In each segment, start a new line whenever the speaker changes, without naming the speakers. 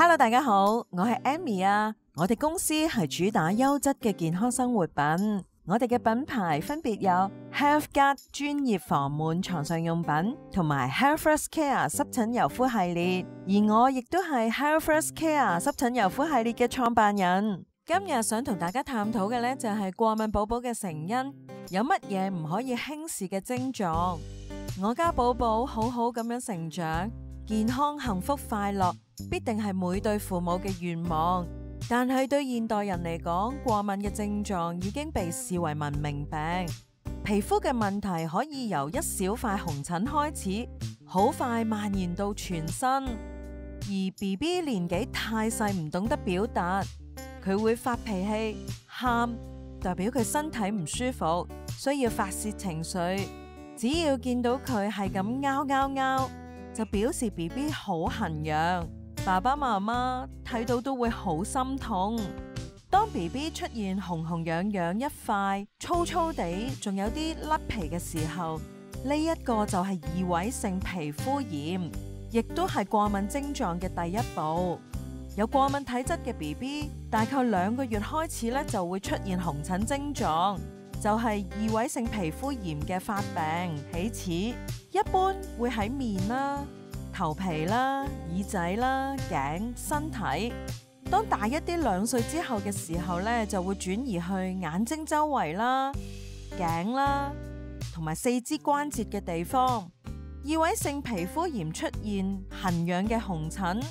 Hello，大家好，我係 Amy 啊。我哋公司係主打優質嘅健康生活品，我哋嘅品牌分別有 HealthGuard 專業防蟎床上用品同埋 Health1stcare 濕疹柔膚系列。而我亦都係 Health1stcare 濕疹柔膚系列嘅創辦人。今日想同大家探討嘅呢，就係過敏寶寶嘅成因，有乜嘢唔可以輕視嘅症狀？我家寶寶好好咁樣成長，健康、幸福、快樂。必定係每對父母嘅願望，但係對現代人嚟講，過敏嘅症狀已經被視為文明病。皮膚嘅問題可以由一小塊紅疹開始，好快蔓延到全身。而 B B 年紀太細，唔懂得表達，佢會發脾氣、喊，代表佢身體唔舒服，需要發泄情緒。只要見到佢係咁拗拗拗，就表示 B B 好痕癢。爸爸媽媽睇到都會好心痛。當 BB 出現紅紅癢癢一塊、粗粗地，仲有啲甩皮嘅時候，呢、這、一個就係異位性皮膚炎，亦都係過敏症狀嘅第一步。有過敏體質嘅 BB，大概兩個月開始咧就會出現紅疹症狀，就係、是、異位性皮膚炎嘅發病起始，一般會喺面啦。頭皮啦、耳仔啦、頸、身體。當大一啲，兩歲之後嘅時候咧，就會轉移去眼睛周圍啦、頸啦，同埋四肢關節嘅地方。異位性皮膚炎出現痕癢嘅紅疹，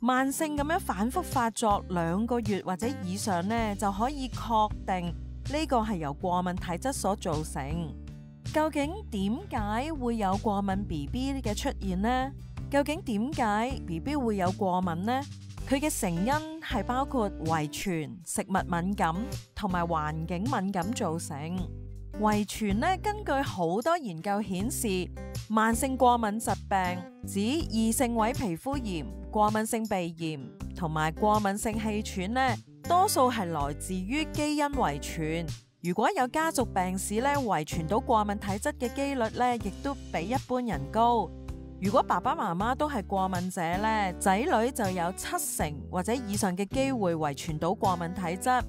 慢性咁樣反覆發作兩個月或者以上咧，就可以確定呢個係由過敏體質所造成。究竟點解會有過敏 BB 嘅出現呢？究竟點解 BB 會有過敏呢？佢嘅成因係包括遺傳、食物敏感同埋環境敏感造成。遺傳呢，根據好多研究顯示，慢性過敏疾病指異位性皮膚炎、過敏性鼻炎同埋過敏性氣喘呢，多數係來自於基因遺傳。如果有家族病史呢，遺傳到過敏體質嘅幾率呢，亦都比一般人高。如果爸爸媽媽都係過敏者咧，仔女就有七成或者以上嘅機會遺傳到過敏體質。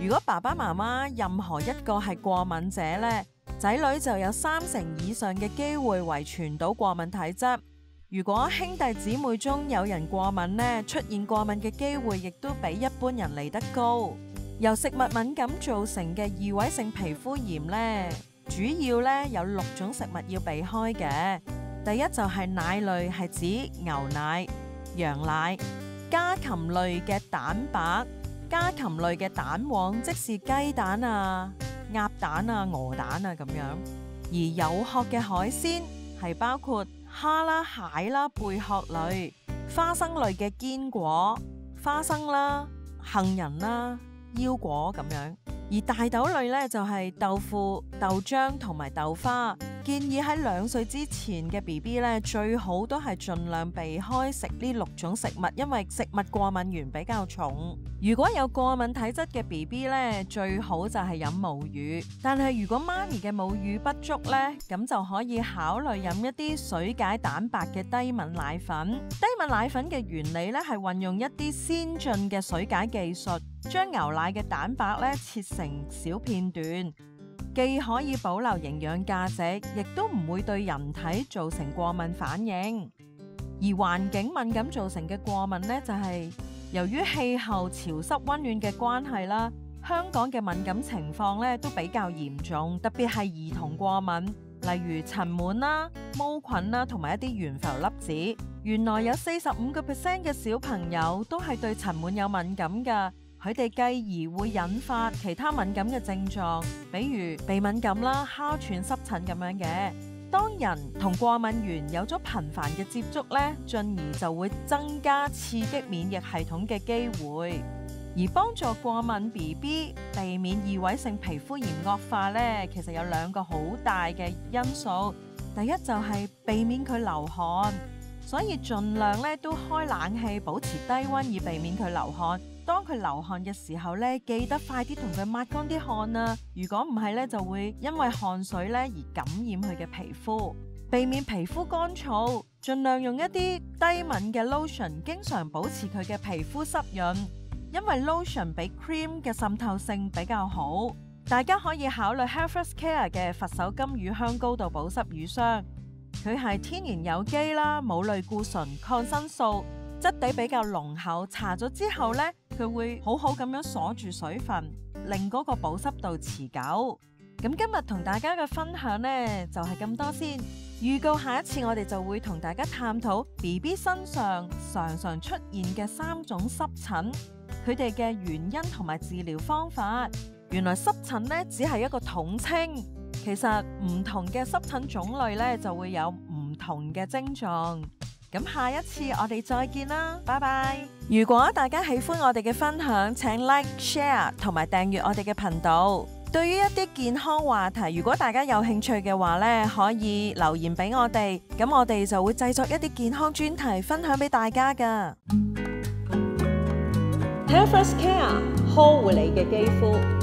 如果爸爸媽媽任何一個係過敏者咧，仔女就有三成以上嘅機會遺傳到過敏體質。如果兄弟姊妹中有人過敏咧，出現過敏嘅機會亦都比一般人嚟得高。由食物敏感造成嘅異位性皮膚炎咧，主要咧有六種食物要避開嘅。第一就係奶類，係指牛奶、羊奶、家禽類嘅蛋白、家禽類嘅蛋黃，即是雞蛋啊、鴨蛋啊、鵝蛋啊咁樣、啊。而有殼嘅海鮮，係包括蝦啦、蟹啦、貝殼類、花生類嘅堅果、花生啦、啊、杏仁啦、啊、腰果咁、啊、樣。而大豆類呢，就係、是、豆腐、豆漿同埋豆花。建議喺兩歲之前嘅 B B 咧，最好都係盡量避開食呢六種食物，因為食物過敏原比較重。如果有過敏體質嘅 B B 咧，最好就係飲母乳。但係如果媽咪嘅母乳不足咧，咁就可以考慮飲一啲水解蛋白嘅低敏奶粉。低敏奶粉嘅原理咧，係運用一啲先進嘅水解技術，將牛奶嘅蛋白咧切成小片段。既可以保留營養價值，亦都唔會對人體造成過敏反應。而環境敏感造成嘅過敏呢，就係由於氣候潮濕溫暖嘅關係啦。香港嘅敏感情況咧都比較嚴重，特別係兒童過敏，例如塵蟎啦、黴菌啦，同埋一啲懸浮粒子。原來有四十五個 percent 嘅小朋友都係對塵蟎有敏感噶。佢哋繼而會引發其他敏感嘅症狀，比如鼻敏感啦、哮喘、濕疹咁樣嘅。當人同過敏原有咗頻繁嘅接觸咧，進而就會增加刺激免疫系統嘅機會，而幫助過敏 BB 避免異位性皮膚炎惡化咧。其實有兩個好大嘅因素，第一就係避免佢流汗，所以盡量咧都開冷氣，保持低温，以避免佢流汗。當佢流汗嘅時候咧，記得快啲同佢抹乾啲汗啊！如果唔係咧，就會因為汗水咧而感染佢嘅皮膚，避免皮膚乾燥，盡量用一啲低敏嘅 lotion，經常保持佢嘅皮膚濕潤。因為 lotion 比 cream 嘅滲透性比較好，大家可以考慮 Health1stcare 嘅佛手柑乳香高度保濕乳霜，佢係天然有機啦，冇類固醇、抗生素，質地比較濃厚，搽咗之後咧。佢會好好咁樣鎖住水分，令嗰個保濕度持久。咁今日同大家嘅分享呢，就係咁多先。預告下一次我哋就會同大家探討 BB 身上常常出現嘅三種濕疹，佢哋嘅原因同埋治療方法。原來濕疹呢，只係一個統稱，其實唔同嘅濕疹種類呢，就會有唔同嘅症狀。咁下一次我哋再見啦，拜拜！如果大家喜歡我哋嘅分享，請 like share 同埋訂閱我哋嘅頻道。對於一啲健康話題，如果大家有興趣嘅話咧，可以留言俾我哋，咁我哋就會製作一啲健康專題分享俾大家噶。Health1stcare 呵護你嘅肌膚。